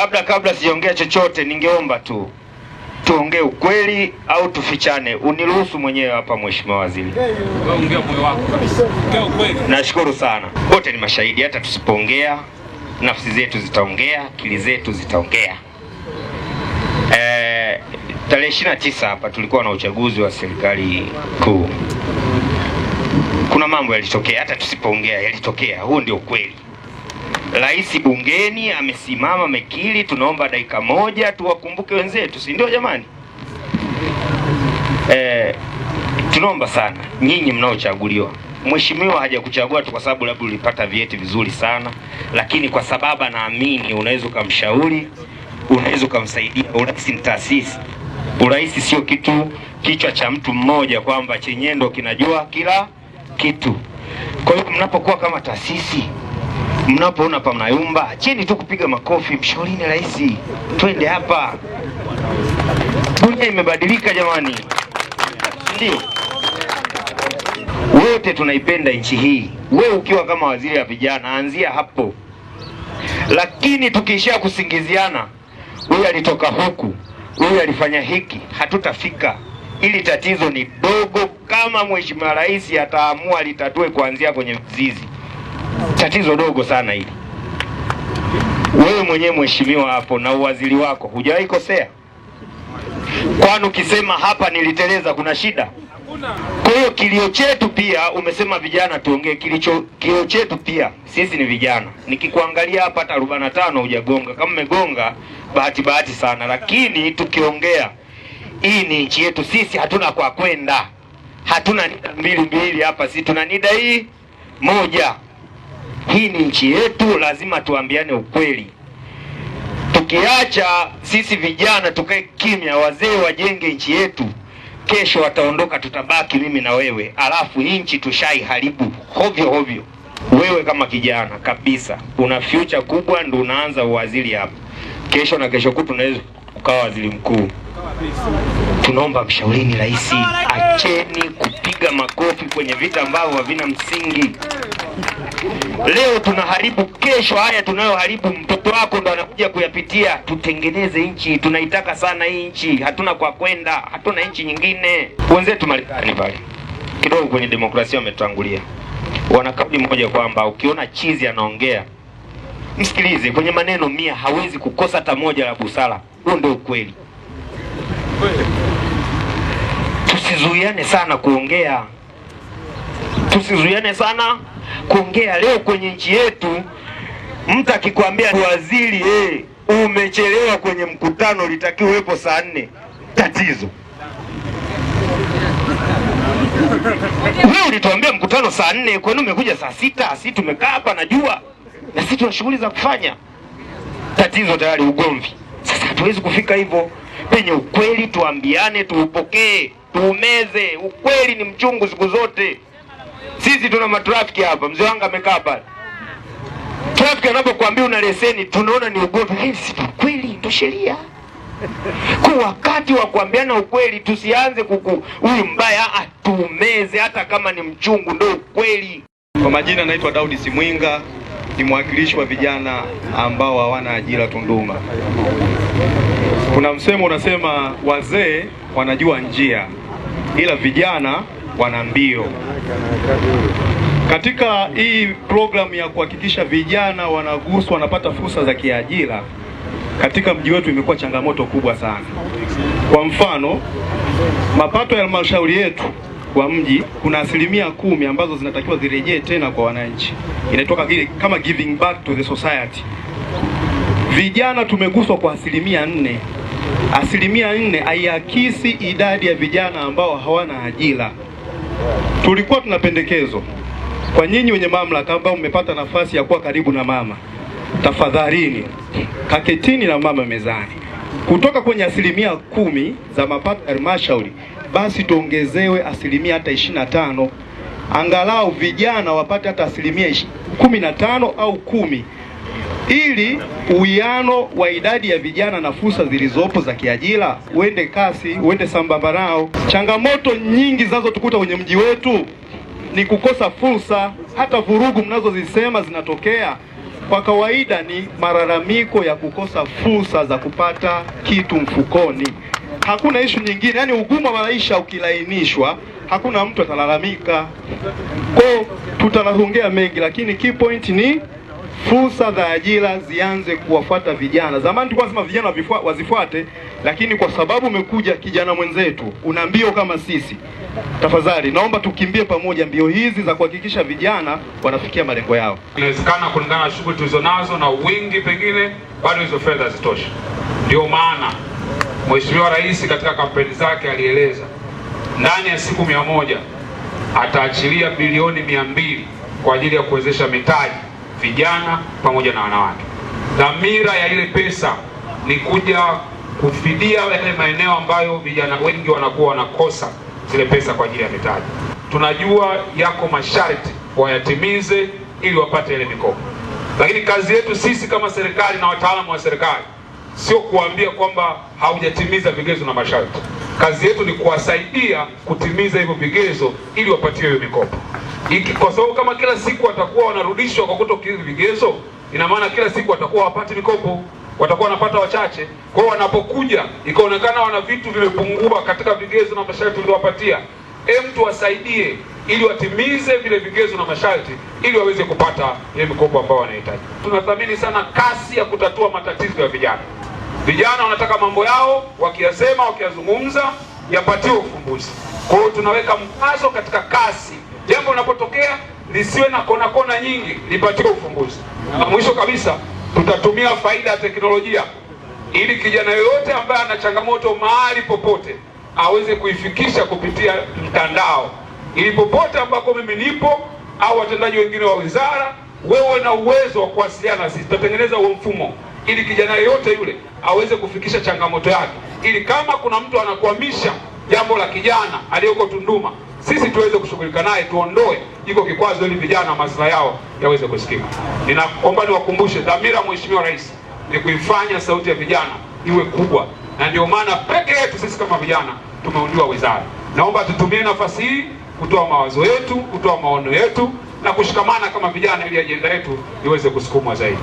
Labda kabla sijaongea chochote, ningeomba tu tuongee ukweli au tufichane. Uniruhusu mwenyewe hapa, mheshimiwa waziri. Nashukuru sana, wote ni mashahidi. Hata tusipoongea, nafsi zetu zitaongea, akili zetu zitaongea. E, tarehe ishirini na tisa hapa tulikuwa na uchaguzi wa serikali kuu. Kuna mambo yalitokea, hata tusipoongea yalitokea. Huu ndio ukweli. Rais bungeni amesimama mekili tunaomba dakika moja tuwakumbuke wenzetu, si ndio jamani? E, tunaomba sana nyinyi mnaochaguliwa. Mheshimiwa hajakuchagua tu kwa sababu labda ulipata vyeti vizuri sana, lakini kwa sababu anaamini unaweza ukamshauri, unaweza ukamsaidia. Urais ni taasisi. Urais sio kitu kichwa cha mtu mmoja kwamba chenyewe ndo kinajua kila kitu. Kwa hiyo mnapokuwa kama taasisi mnapoona pa mnayumba cheni tu kupiga makofi, mshaurini rais, twende hapa. Dunia imebadilika jamani, ndio wote tunaipenda nchi hii. Wewe ukiwa kama waziri wa vijana, anzia hapo, lakini tukiishia kusingiziana, huyu alitoka huku, huyu alifanya hiki, hatutafika. Ili tatizo ni dogo, kama mheshimiwa rais ataamua litatue kuanzia kwenye mzizi tatizo dogo sana hili. Wewe mwenyewe mheshimiwa hapo na uwaziri wako hujawahi kosea? Kwani ukisema hapa niliteleza kuna shida? Kwa hiyo kilio chetu pia, umesema vijana tuongee, kilicho kilio chetu pia sisi ni vijana. Nikikuangalia hapa hata arobaini na tano hujagonga, kama umegonga bahati bahati sana, lakini tukiongea, hii ni nchi yetu sisi, hatuna kwa kwenda, hatuna nida mbili mbili hapa, sisi tuna nida hii moja. Hii ni nchi yetu, lazima tuambiane ukweli. Tukiacha sisi vijana tukae kimya, wazee wajenge nchi yetu, kesho wataondoka, tutabaki mimi na wewe, alafu nchi tushaiharibu hovyo hovyo. Wewe kama kijana kabisa, una future kubwa, ndo unaanza uwaziri hapa, kesho na kesho kuu tunaweza ukawa waziri mkuu. Tunaomba mshaurini rais, acheni kupiga makofi kwenye vita ambavyo havina msingi. Leo tunaharibu, kesho haya tunayoharibu mtoto wako ndo anakuja kuyapitia. Tutengeneze nchi, tunaitaka sana hii nchi, hatuna kwa kwenda, hatuna nchi nyingine. Wenzetu Marekani pale kidogo kwenye demokrasia wametangulia, wana kauli moja kwamba ukiona chizi anaongea msikilize, kwenye maneno mia hawezi kukosa hata moja la busara. Huo ndio ukweli. Tusizuiane sana kuongea, tusizuiane sana kuongea leo kwenye nchi yetu. Mtu akikwambia waziri, eh, umechelewa kwenye mkutano, litakiwa uwepo saa nne, tatizo wewe ulituambia mkutano saa nne, kwani umekuja saa sita? Si tumekaa hapa, najua na sisi tuna shughuli za kufanya. Tatizo tayari ugomvi. Sasa hatuwezi kufika hivyo. Penye ukweli tuambiane, tuupokee, tuumeze. Ukweli ni mchungu siku zote. Sisi tuna matrafiki hapa, mzee wangu amekaa pale. Trafiki anapokuambia una leseni, tunaona ni ugomvi. Hii si kweli, ndo sheria. Kwa wakati wa kuambiana ukweli, tusianze kuku huyu mbaya, atumeze hata kama ni mchungu, ndo ukweli. Kwa majina naitwa Daudi Simwinga, ni mwakilishi wa vijana ambao hawana ajira Tunduma. Kuna msemo unasema wazee wanajua njia, ila vijana wana mbio. Katika hii programu ya kuhakikisha vijana wanaguswa, wanapata fursa za kiajira katika mji wetu imekuwa changamoto kubwa sana. Kwa mfano, mapato ya halmashauri yetu kwa mji kuna asilimia kumi ambazo zinatakiwa zirejee tena kwa wananchi, inatoka kama giving back to the society. Vijana tumeguswa kwa asilimia nne. Asilimia nne haiakisi idadi ya vijana ambao hawana ajira tulikuwa tuna pendekezo kwa nyinyi wenye mamlaka ambao mmepata nafasi ya kuwa karibu na mama, tafadhalini kaketini na mama mezani, kutoka kwenye asilimia kumi za mapato ya halmashauri basi tuongezewe asilimia hata ishirini na tano angalau vijana wapate hata asilimia kumi na tano au kumi ili uwiano wa idadi ya vijana na fursa zilizopo za kiajira uende kasi, uende sambamba nao. Changamoto nyingi zinazotukuta kwenye mji wetu ni kukosa fursa. Hata vurugu mnazozisema zinatokea kwa kawaida ni malalamiko ya kukosa fursa za kupata kitu mfukoni. Hakuna ishu nyingine, yaani ugumu wa maisha ukilainishwa, hakuna mtu atalalamika. Kwa tutalaongea mengi, lakini key point ni fursa za ajira zianze kuwafuata vijana. Zamani tulikuwa tunasema vijana wazifuate, lakini kwa sababu umekuja kijana mwenzetu, una mbio kama sisi, tafadhali naomba tukimbie pamoja mbio hizi za kuhakikisha vijana wanafikia malengo yao. Inawezekana kulingana na shughuli tulizonazo na wingi, pengine bado hizo fedha hazitoshi. Ndio maana Mheshimiwa Rais katika kampeni zake alieleza ndani ya siku mia moja ataachilia bilioni mia mbili kwa ajili ya kuwezesha mitaji vijana pamoja na wanawake. Dhamira ya ile pesa ni kuja kufidia yale maeneo ambayo vijana wengi wanakuwa wanakosa zile pesa kwa ajili ya mitaji. Tunajua yako masharti wayatimize ili wapate ile mikopo, lakini kazi yetu sisi kama serikali na wataalamu wa serikali sio kuambia kwamba haujatimiza vigezo na masharti. Kazi yetu ni kuwasaidia kutimiza hivyo vigezo ili wapatiwe hiyo mikopo iki, kwa sababu kama kila siku watakuwa wanarudishwa kwa kutokidhi vigezo, ina maana kila siku watakuwa wapati mikopo, watakuwa wanapata wachache. Kwa hiyo wanapokuja ikaonekana wana vitu vimepungua katika vigezo na masharti tulivyowapatia, e, tuwasaidie ili watimize vile vigezo na masharti ili waweze kupata ile mikopo ambayo wanahitaji. Tunathamini sana kasi ya kutatua matatizo ya vijana. Vijana wanataka mambo yao, wakiyasema wakiyazungumza yapatiwe ufumbuzi. Kwa hiyo tunaweka mkazo katika kasi jambo linapotokea lisiwe na kona kona nyingi, lipatiwe ufumbuzi. Na mwisho kabisa, tutatumia faida ya teknolojia ili kijana yoyote ambaye ana changamoto mahali popote aweze kuifikisha kupitia mtandao, ili popote ambako mimi nipo au watendaji wengine wa wizara, wewe na uwezo wa kuwasiliana sisi. Tutatengeneza huo mfumo ili kijana yoyote yule aweze kufikisha changamoto yake, ili kama kuna mtu anakwamisha jambo la kijana aliyoko Tunduma sisi tuweze kushughulika naye, tuondoe iko kikwazo, ili vijana maslahi yao yaweze kusikika. Ninaomba niwakumbushe dhamira, Mheshimiwa Rais, ni kuifanya sauti ya vijana iwe kubwa, na ndio maana peke yetu sisi kama vijana tumeundiwa wizara. Naomba tutumie nafasi hii kutoa mawazo yetu, kutoa maono yetu na kushikamana kama vijana, ili ajenda yetu iweze kusukumwa zaidi.